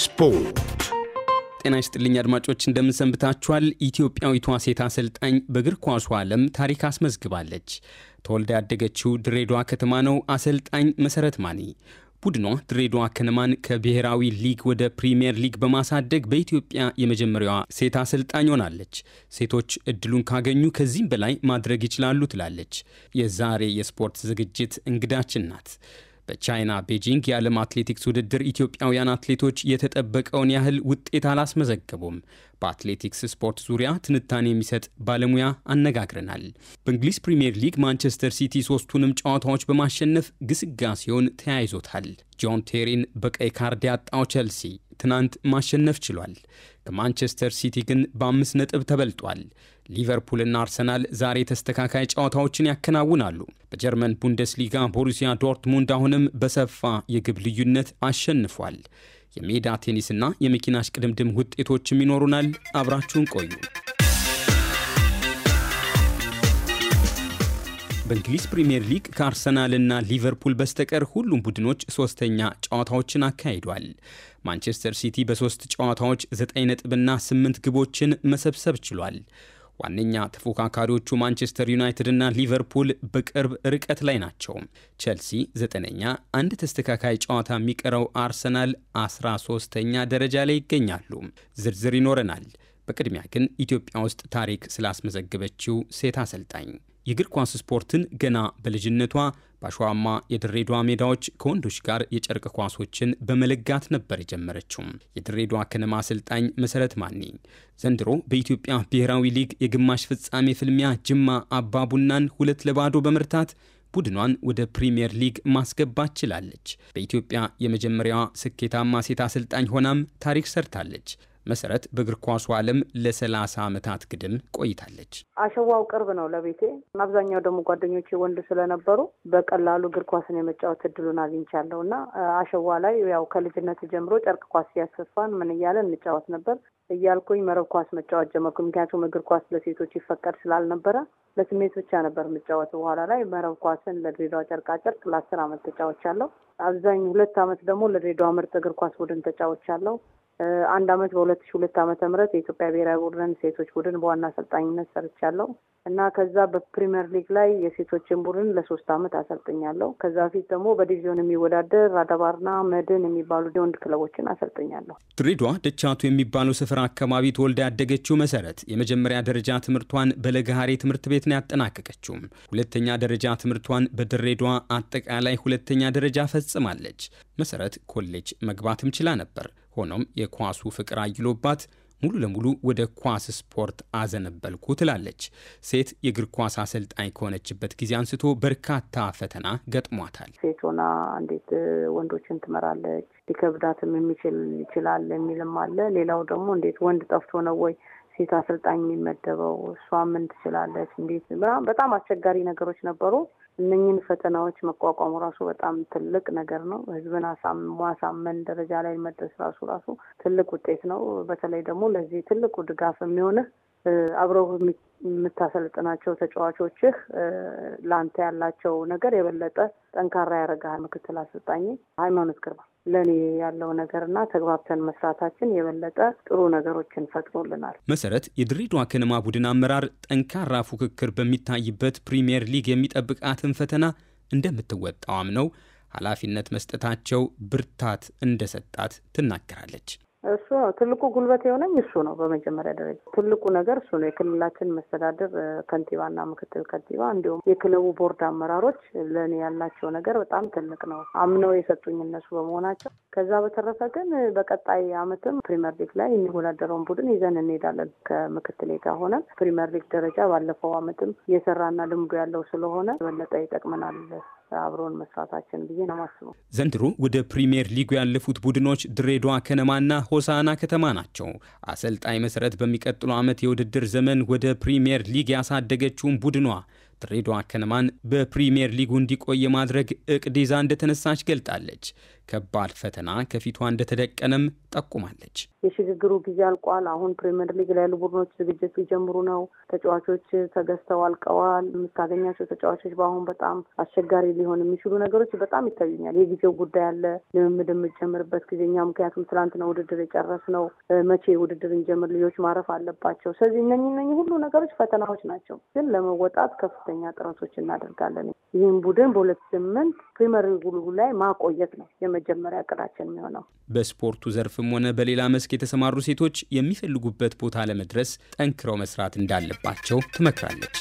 ስፖርት ጤና ይስጥልኝ አድማጮች፣ እንደምንሰንብታችኋል። ኢትዮጵያዊቷ ሴት አሰልጣኝ በእግር ኳሱ ዓለም ታሪክ አስመዝግባለች። ተወልዳ ያደገችው ድሬዳዋ ከተማ ነው። አሰልጣኝ መሰረት ማኒ ቡድኗ ድሬዳዋ ከነማን ከብሔራዊ ሊግ ወደ ፕሪምየር ሊግ በማሳደግ በኢትዮጵያ የመጀመሪያዋ ሴት አሰልጣኝ ሆናለች። ሴቶች እድሉን ካገኙ ከዚህም በላይ ማድረግ ይችላሉ ትላለች። የዛሬ የስፖርት ዝግጅት እንግዳችን ናት። በቻይና ቤጂንግ የዓለም አትሌቲክስ ውድድር ኢትዮጵያውያን አትሌቶች የተጠበቀውን ያህል ውጤት አላስመዘገቡም። በአትሌቲክስ ስፖርት ዙሪያ ትንታኔ የሚሰጥ ባለሙያ አነጋግረናል። በእንግሊዝ ፕሪምየር ሊግ ማንቸስተር ሲቲ ሶስቱንም ጨዋታዎች በማሸነፍ ግስጋሴውን ተያይዞታል። ጆን ቴሪን በቀይ ካርድ ያጣው ቼልሲ ትናንት ማሸነፍ ችሏል። ከማንቸስተር ሲቲ ግን በአምስት ነጥብ ተበልጧል። ሊቨርፑልና አርሰናል ዛሬ ተስተካካይ ጨዋታዎችን ያከናውናሉ። በጀርመን ቡንደስሊጋ ቦሩሲያ ዶርትሙንድ አሁንም በሰፋ የግብ ልዩነት አሸንፏል። የሜዳ ቴኒስና የመኪና እሽቅድምድም ውጤቶችም ይኖሩናል። አብራችሁን ቆዩ። በእንግሊዝ ፕሪምየር ሊግ ከአርሰናልና ሊቨርፑል በስተቀር ሁሉም ቡድኖች ሶስተኛ ጨዋታዎችን አካሂዷል። ማንቸስተር ሲቲ በሶስት ጨዋታዎች ዘጠኝ ነጥብና ስምንት ግቦችን መሰብሰብ ችሏል። ዋነኛ ተፎካካሪዎቹ ማንቸስተር ዩናይትድና ሊቨርፑል በቅርብ ርቀት ላይ ናቸው። ቸልሲ ዘጠነኛ፣ አንድ ተስተካካይ ጨዋታ የሚቀረው አርሰናል አስራ ሶስተኛ ደረጃ ላይ ይገኛሉ። ዝርዝር ይኖረናል። በቅድሚያ ግን ኢትዮጵያ ውስጥ ታሪክ ስላስመዘገበችው ሴት አሰልጣኝ የእግር ኳስ ስፖርትን ገና በልጅነቷ በአሸዋማ የድሬዳዋ ሜዳዎች ከወንዶች ጋር የጨርቅ ኳሶችን በመለጋት ነበር የጀመረችው። የድሬዳዋ ከነማ አሰልጣኝ መሰረት ማኔ ዘንድሮ በኢትዮጵያ ብሔራዊ ሊግ የግማሽ ፍጻሜ ፍልሚያ ጅማ አባ ቡናን ሁለት ለባዶ በመርታት ቡድኗን ወደ ፕሪምየር ሊግ ማስገባት ችላለች። በኢትዮጵያ የመጀመሪያዋ ስኬታማ ሴት አሰልጣኝ ሆናም ታሪክ ሰርታለች። መሰረት በእግር ኳሱ ዓለም ለ30 ዓመታት ግድም ቆይታለች። አሸዋው ቅርብ ነው ለቤቴ። አብዛኛው ደግሞ ጓደኞቼ ወንድ ስለነበሩ በቀላሉ እግር ኳስን የመጫወት እድሉን አግኝቻለሁ እና አሸዋ ላይ ያው ከልጅነት ጀምሮ ጨርቅ ኳስ እያሰፋን ምን እያለን እንጫወት ነበር እያልኩኝ መረብ ኳስ መጫወት ጀመርኩ። ምክንያቱም እግር ኳስ ለሴቶች ይፈቀድ ስላልነበረ ለስሜት ብቻ ነበር የምጫወት። በኋላ ላይ መረብ ኳስን ለድሬዳዋ ጨርቃጨርቅ ለአስር ዓመት ተጫወቻለሁ። አብዛኝ ሁለት አመት ደግሞ ለድሬዳዋ ምርጥ እግር ኳስ ቡድን ተጫወቻለሁ። አንድ አመት በሁለት ሺ ሁለት አመተ ምህረት የኢትዮጵያ ብሔራዊ ቡድን ሴቶች ቡድን በዋና አሰልጣኝነት ሰርቻለሁ እና ከዛ በፕሪምየር ሊግ ላይ የሴቶችን ቡድን ለሶስት አመት አሰልጥኛለሁ። ከዛ በፊት ደግሞ በዲቪዥን የሚወዳደር አደባርና መድን የሚባሉ የወንድ ክለቦችን አሰልጥኛለሁ። ድሬዳዋ ደቻቱ የሚባለው ስፍራ አካባቢ ተወልዳ ያደገችው መሰረት የመጀመሪያ ደረጃ ትምህርቷን በለገሃሬ ትምህርት ቤት ነው ያጠናቀቀችውም። ሁለተኛ ደረጃ ትምህርቷን በድሬዷ አጠቃላይ ሁለተኛ ደረጃ ፈጽማለች። መሰረት ኮሌጅ መግባትም ችላ ነበር። ሆኖም የኳሱ ፍቅር አይሎባት ሙሉ ለሙሉ ወደ ኳስ ስፖርት አዘነበልኩ ትላለች። ሴት የእግር ኳስ አሰልጣኝ ከሆነችበት ጊዜ አንስቶ በርካታ ፈተና ገጥሟታል። ሴት ሆና እንዴት ወንዶችን ትመራለች? ሊከብዳትም የሚችል ይችላል የሚልም አለ። ሌላው ደግሞ እንዴት ወንድ ጠፍቶ ነው ወይ ሴት አሰልጣኝ የሚመደበው እሷ ምን ትችላለች እንዴት በጣም አስቸጋሪ ነገሮች ነበሩ። እነኝን ፈተናዎች መቋቋሙ ራሱ በጣም ትልቅ ነገር ነው። ህዝብን ማሳመን ደረጃ ላይ መድረስ ራሱ ራሱ ትልቅ ውጤት ነው። በተለይ ደግሞ ለዚህ ትልቁ ድጋፍ የሚሆንህ አብረው የምታሰልጥናቸው ተጫዋቾችህ ለአንተ ያላቸው ነገር የበለጠ ጠንካራ ያደርግሃል። ምክትል አሰልጣኝ ሃይማኖት ግርማ ለእኔ ያለው ነገርና ተግባብተን መስራታችን የበለጠ ጥሩ ነገሮችን ፈጥሮልናል። መሰረት የድሬዳዋ ከነማ ቡድን አመራር ጠንካራ ፉክክር በሚታይበት ፕሪምየር ሊግ የሚጠብቃትን ፈተና እንደምትወጣዋም ነው ኃላፊነት መስጠታቸው ብርታት እንደሰጣት ትናገራለች። እሱ ነው ትልቁ ጉልበት የሆነኝ እሱ ነው። በመጀመሪያ ደረጃ ትልቁ ነገር እሱ ነው። የክልላችን መስተዳድር ከንቲባና ምክትል ከንቲባ እንዲሁም የክለቡ ቦርድ አመራሮች ለእኔ ያላቸው ነገር በጣም ትልቅ ነው። አምነው የሰጡኝ እነሱ በመሆናቸው። ከዛ በተረፈ ግን በቀጣይ አመትም ፕሪመር ሊግ ላይ የሚወዳደረውን ቡድን ይዘን እንሄዳለን። ከምክትሌ ጋር ሆነን ፕሪመር ሊግ ደረጃ ባለፈው አመትም የሰራና ልምዱ ያለው ስለሆነ የበለጠ ይጠቅመናል አብሮን መስራታችን ብዬ ነው ማስበው። ዘንድሮ ወደ ፕሪምየር ሊጉ ያለፉት ቡድኖች ድሬዳዋ ከነማና ሆሳና ከተማ ናቸው። አሰልጣኝ መሰረት በሚቀጥለው ዓመት የውድድር ዘመን ወደ ፕሪምየር ሊግ ያሳደገችውን ቡድኗ ድሬዳዋ ከነማን በፕሪምየር ሊጉ እንዲቆይ የማድረግ እቅድ ይዛ እንደተነሳች ገልጣለች። ከባድ ፈተና ከፊቷ እንደተደቀነም ጠቁማለች። የሽግግሩ ጊዜ አልቋል። አሁን ፕሪምየር ሊግ ላይ ያሉ ቡድኖች ዝግጅት ሊጀምሩ ነው። ተጫዋቾች ተገዝተው አልቀዋል። የምታገኛቸው ተጫዋቾች በአሁን በጣም አስቸጋሪ ሊሆን የሚችሉ ነገሮች በጣም ይታዩኛል። የጊዜው ጉዳይ አለ። ልምምድ የምጀምርበት ጊዜ እኛ ምክንያቱም ትናንት ነው ውድድር ነው። መቼ ውድድር እንጀምር? ልጆች ማረፍ አለባቸው። ስለዚህ እነኝ ሁሉ ነገሮች ፈተናዎች ናቸው፣ ግን ለመወጣት ከፍተኛ ጥረቶች እናደርጋለን። ይህም ቡድን በሁለት ስምንት ፕሪምየር ሊጉ ላይ ማቆየት ነው የመጀመሪያ እቅዳችን የሚሆነው። በስፖርቱ ዘርፍም ሆነ በሌላ መስክ መስክ የተሰማሩ ሴቶች የሚፈልጉበት ቦታ ለመድረስ ጠንክረው መስራት እንዳለባቸው ትመክራለች።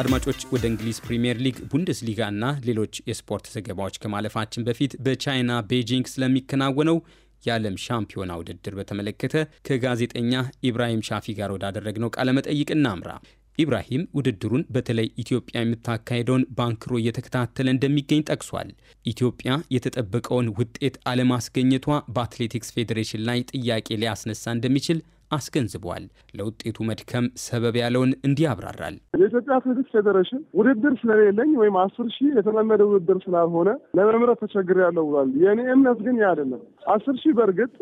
አድማጮች ወደ እንግሊዝ ፕሪምየር ሊግ፣ ቡንደስሊጋ እና ሌሎች የስፖርት ዘገባዎች ከማለፋችን በፊት በቻይና ቤጂንግ ስለሚከናወነው የዓለም ሻምፒዮና ውድድር በተመለከተ ከጋዜጠኛ ኢብራሂም ሻፊ ጋር ወዳደረግነው ቃለመጠይቅ እናምራ። ኢብራሂም ውድድሩን በተለይ ኢትዮጵያ የምታካሄደውን ባንክሮ እየተከታተለ እንደሚገኝ ጠቅሷል። ኢትዮጵያ የተጠበቀውን ውጤት አለማስገኘቷ በአትሌቲክስ ፌዴሬሽን ላይ ጥያቄ ሊያስነሳ እንደሚችል አስገንዝቧል ለውጤቱ መድከም ሰበብ ያለውን እንዲህ ያብራራል። የኢትዮጵያ አትሌቲክስ ፌዴሬሽን ውድድር ስለሌለኝ ወይም አስር ሺህ የተለመደ ውድድር ስላልሆነ ለመምረት ተቸግሬያለሁ ብሏል። የእኔ እምነት ግን ያ አይደለም። አስር ሺህ በእርግጥ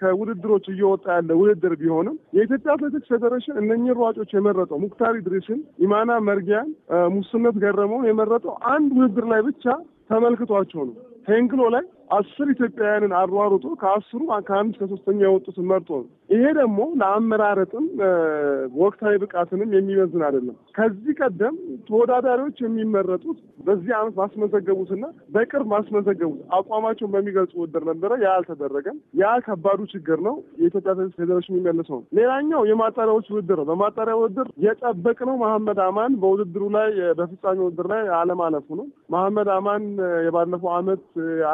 ከውድድሮች እየወጣ ያለ ውድድር ቢሆንም የኢትዮጵያ አትሌቲክስ ፌዴሬሽን እነኚህ ሯጮች የመረጠው ሙክታሪ ድሪስን፣ ኢማና መርጊያን፣ ሙስነት ገረመውን የመረጠው አንድ ውድድር ላይ ብቻ ተመልክቷቸው ነው ሄንግሎ ላይ አስር ኢትዮጵያውያንን አሯሩጦ ከአስሩ ከአንድ ከሶስተኛ የወጡትን መርጦ ነው። ይሄ ደግሞ ለአመራረጥም ወቅታዊ ብቃትንም የሚመዝን አይደለም። ከዚህ ቀደም ተወዳዳሪዎች የሚመረጡት በዚህ ዓመት ባስመዘገቡትና በቅርብ ማስመዘገቡት አቋማቸውን በሚገልጹ ውድድር ነበረ። ያ አልተደረገም። ያ ከባዱ ችግር ነው። የኢትዮጵያ ፌዴሬሽን የሚመልሰው ነው። ሌላኛው የማጣሪያዎች ውድድር ነው። በማጣሪያ ውድድር የጠበቅነው መሐመድ አማን በውድድሩ ላይ በፍጻሜ ውድድር ላይ አለማለፉ ነው። መሐመድ አማን የባለፈው ዓመት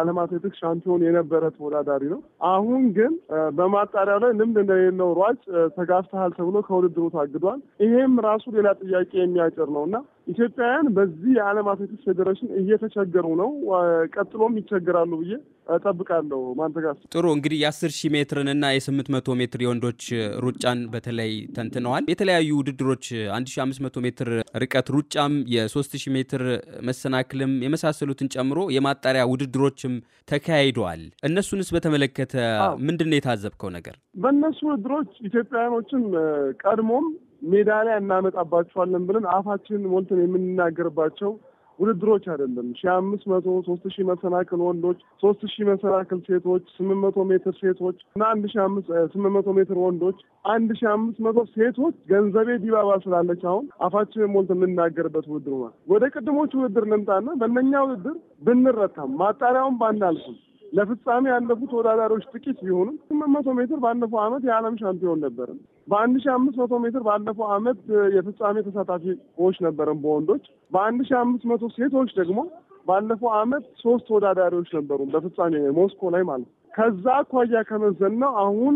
አለማት ኦሎምፒክ ሻምፒዮን የነበረ ተወዳዳሪ ነው። አሁን ግን በማጣሪያ ላይ ልምድ እንደሌለው ሯጭ ተጋፍተሃል ተብሎ ከውድድሩ ታግዷል። ይሄም ራሱ ሌላ ጥያቄ የሚያጭር ነው እና ኢትዮጵያውያን በዚህ የዓለም አትሌቲክስ ፌዴሬሽን እየተቸገሩ ነው። ቀጥሎም ይቸገራሉ ብዬ እጠብቃለሁ። ማንተጋስ ጥሩ እንግዲህ የአስር ሺህ ሜትርን እና የስምንት መቶ ሜትር የወንዶች ሩጫን በተለይ ተንትነዋል። የተለያዩ ውድድሮች አንድ ሺህ አምስት መቶ ሜትር ርቀት ሩጫም የሶስት ሺህ ሜትር መሰናክልም የመሳሰሉትን ጨምሮ የማጣሪያ ውድድሮችም ተካሂደዋል። እነሱንስ በተመለከተ ምንድን ነው የታዘብከው ነገር? በእነሱ ውድድሮች ኢትዮጵያውያኖችን ቀድሞም ሜዳ ላይ እናመጣባቸዋለን ብለን አፋችንን ሞልተን የምንናገርባቸው ውድድሮች አይደለም። ሺ አምስት መቶ ሶስት ሺህ መሰናክል ወንዶች፣ ሶስት ሺህ መሰናክል ሴቶች፣ ስምንት መቶ ሜትር ሴቶች እና አንድ ሺ አምስት ስምንት መቶ ሜትር ወንዶች፣ አንድ ሺ አምስት መቶ ሴቶች ገንዘቤ ዲባባ ስላለች አሁን አፋችንን ሞልት የምንናገርበት ውድድሩ ሆኗል። ወደ ቅድሞቹ ውድድር ልምጣና በነኛ ውድድር ብንረታም ማጣሪያውን ባናልፍም ለፍጻሜ ያለፉት ተወዳዳሪዎች ጥቂት ቢሆኑም ስምንት መቶ ሜትር ባለፈው ዓመት የዓለም ሻምፒዮን ነበርን። በአንድ ሺ አምስት መቶ ሜትር ባለፈው ዓመት የፍጻሜ ተሳታፊዎች ነበርን በወንዶች። በአንድ ሺ አምስት መቶ ሴቶች ደግሞ ባለፈው ዓመት ሶስት ተወዳዳሪዎች ነበሩ በፍጻሜ ሞስኮ ላይ ማለት ነው። ከዛ አኳያ ከመዘን ነው አሁን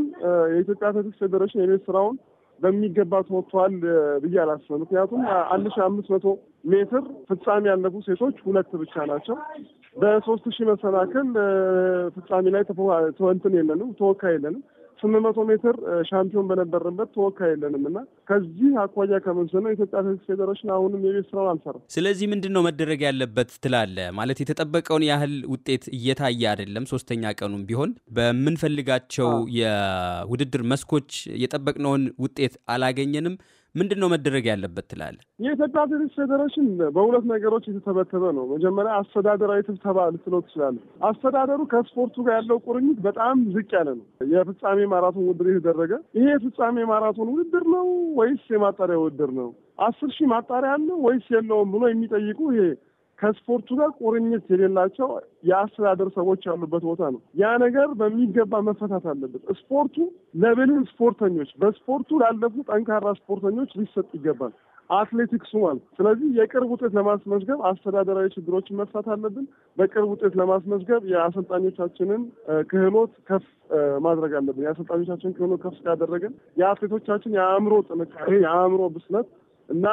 የኢትዮጵያ አትሌቲክስ ፌዴሬሽን የቤት ስራውን በሚገባ ተወጥቷል ብዬ አላስበ። ምክንያቱም አንድ ሺ አምስት መቶ ሜትር ፍጻሜ ያለፉ ሴቶች ሁለት ብቻ ናቸው። በሶስት ሺህ መሰናክል ፍጻሜ ላይ እንትን የለንም፣ ተወካይ የለንም። ስምንት መቶ ሜትር ሻምፒዮን በነበርንበት ተወካይ የለንም እና ከዚህ አኳያ ከመንስነው ኢትዮጵያ አትሌቲክስ ፌዴሬሽን አሁንም የቤት ስራውን አልሰራም። ስለዚህ ምንድን ነው መደረግ ያለበት ትላለ? ማለት የተጠበቀውን ያህል ውጤት እየታየ አይደለም። ሶስተኛ ቀኑም ቢሆን በምንፈልጋቸው የውድድር መስኮች የጠበቅነውን ውጤት አላገኘንም። ምንድን ነው መደረግ ያለበት ትላል? የኢትዮጵያ አትሌቲክስ ፌዴሬሽን በሁለት ነገሮች የተተበተበ ነው። መጀመሪያ አስተዳደራዊ ስብሰባ ልትለው ትችላለ። አስተዳደሩ ከስፖርቱ ጋር ያለው ቁርኝት በጣም ዝቅ ያለ ነው። የፍጻሜ ማራቶን ውድድር የተደረገ ይሄ የፍጻሜ ማራቶን ውድድር ነው ወይስ የማጣሪያ ውድድር ነው? አስር ሺህ ማጣሪያ አለው ወይስ የለውም ብሎ የሚጠይቁ ይሄ ከስፖርቱ ጋር ቁርኝት የሌላቸው የአስተዳደር ሰዎች ያሉበት ቦታ ነው። ያ ነገር በሚገባ መፈታት አለበት። ስፖርቱ ለብልህ ስፖርተኞች፣ በስፖርቱ ላለፉ ጠንካራ ስፖርተኞች ሊሰጥ ይገባል። አትሌቲክሱ ማለት ስለዚህ የቅርብ ውጤት ለማስመዝገብ አስተዳደራዊ ችግሮችን መፍታት አለብን። በቅርብ ውጤት ለማስመዝገብ የአሰልጣኞቻችንን ክህሎት ከፍ ማድረግ አለብን። የአሰልጣኞቻችንን ክህሎት ከፍ ስላደረገን የአትሌቶቻችን የአእምሮ ጥንካሬ፣ የአእምሮ ብስለት እና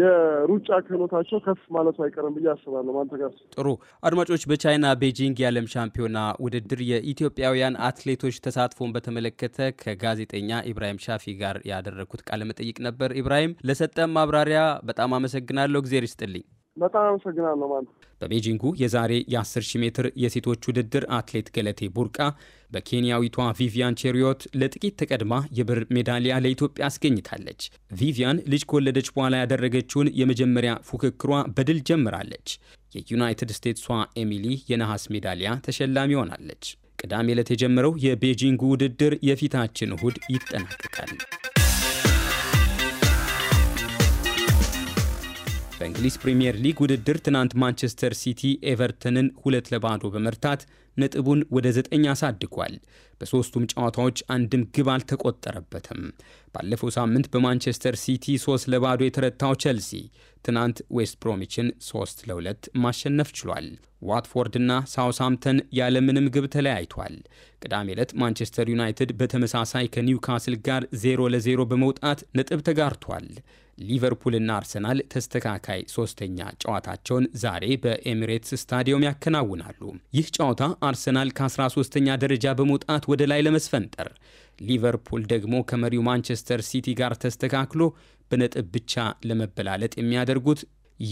የሩጫ ክህሎታቸው ከፍ ማለቱ አይቀርም ብዬ አስባለሁ። አንተ ጋር ጥሩ አድማጮች፣ በቻይና ቤጂንግ የዓለም ሻምፒዮና ውድድር የኢትዮጵያውያን አትሌቶች ተሳትፎን በተመለከተ ከጋዜጠኛ ኢብራሂም ሻፊ ጋር ያደረግኩት ቃለ መጠይቅ ነበር። ኢብራሂም ለሰጠ ማብራሪያ በጣም አመሰግናለሁ። እግዜር ይስጥልኝ። በጣም አመሰግናለሁ ማለት በቤጂንጉ የዛሬ የ10,000 ሜትር የሴቶች ውድድር አትሌት ገለቴ ቡርቃ በኬንያዊቷ ቪቪያን ቼሪዮት ለጥቂት ተቀድማ የብር ሜዳሊያ ለኢትዮጵያ አስገኝታለች። ቪቪያን ልጅ ከወለደች በኋላ ያደረገችውን የመጀመሪያ ፉክክሯ በድል ጀምራለች። የዩናይትድ ስቴትሷ ኤሚሊ የነሐስ ሜዳሊያ ተሸላሚ ሆናለች። ቅዳሜ ዕለት የጀመረው የቤጂንጉ ውድድር የፊታችን እሁድ ይጠናቀቃል። በእንግሊዝ ፕሪምየር ሊግ ውድድር ትናንት ማንቸስተር ሲቲ ኤቨርተንን ሁለት ለባዶ በመርታት ነጥቡን ወደ ዘጠኝ አሳድጓል። በሦስቱም ጨዋታዎች አንድም ግብ አልተቆጠረበትም። ባለፈው ሳምንት በማንቸስተር ሲቲ 3 ለባዶ የተረታው ቸልሲ ትናንት ዌስት ብሮሚችን ሶስት ለሁለት ማሸነፍ ችሏል። ዋትፎርድና ሳውስሃምተን ያለምንም ግብ ተለያይቷል። ቅዳሜ ዕለት ማንቸስተር ዩናይትድ በተመሳሳይ ከኒውካስል ጋር ለ ለዜሮ በመውጣት ነጥብ ተጋርቷል። ሊቨርፑልና አርሰናል ተስተካካይ ሶስተኛ ጨዋታቸውን ዛሬ በኤሚሬትስ ስታዲየም ያከናውናሉ። ይህ ጨዋታ አርሰናል ከ13ኛ ደረጃ በመውጣት ወደ ላይ ለመስፈንጠር ሊቨርፑል ደግሞ ከመሪው ማንቸስተር ሲቲ ጋር ተስተካክሎ በነጥብ ብቻ ለመበላለጥ የሚያደርጉት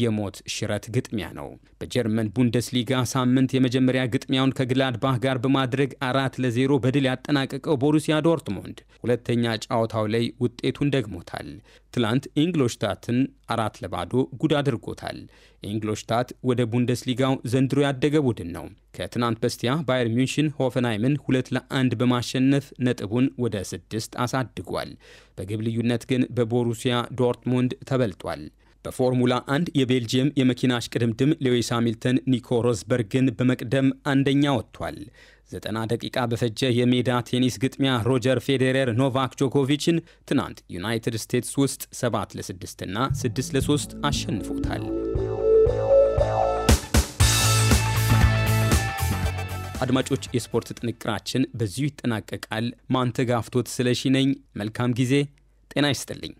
የሞት ሽረት ግጥሚያ ነው። በጀርመን ቡንደስሊጋ ሳምንት የመጀመሪያ ግጥሚያውን ከግላድባህ ጋር በማድረግ አራት ለዜሮ በድል ያጠናቀቀው ቦሩሲያ ዶርትሞንድ ሁለተኛ ጨዋታው ላይ ውጤቱን ደግሞታል። ትላንት ኢንግሎሽታትን አራት ለባዶ ጉድ አድርጎታል። ኢንግሎሽታት ወደ ቡንደስሊጋው ዘንድሮ ያደገ ቡድን ነው። ከትናንት በስቲያ ባየር ሚንሽን ሆፈንሃይምን ሁለት ለአንድ በማሸነፍ ነጥቡን ወደ ስድስት አሳድጓል። በግብ ልዩነት ግን በቦሩሲያ ዶርትሙንድ ተበልጧል። በፎርሙላ 1 የቤልጅየም የመኪና አሽቅድምድም ሌዊስ ሃሚልተን ኒኮ ሮዝበርግን በመቅደም አንደኛ ወጥቷል። ዘጠና ደቂቃ በፈጀ የሜዳ ቴኒስ ግጥሚያ ሮጀር ፌዴረር ኖቫክ ጆኮቪችን ትናንት ዩናይትድ ስቴትስ ውስጥ 7 ለ6 እና 6 ለ3 አሸንፎታል። አድማጮች፣ የስፖርት ጥንቅራችን በዚሁ ይጠናቀቃል። ማንተጋፍቶት ስለሺ ነኝ። መልካም ጊዜ። ጤና ይስጥልኝ።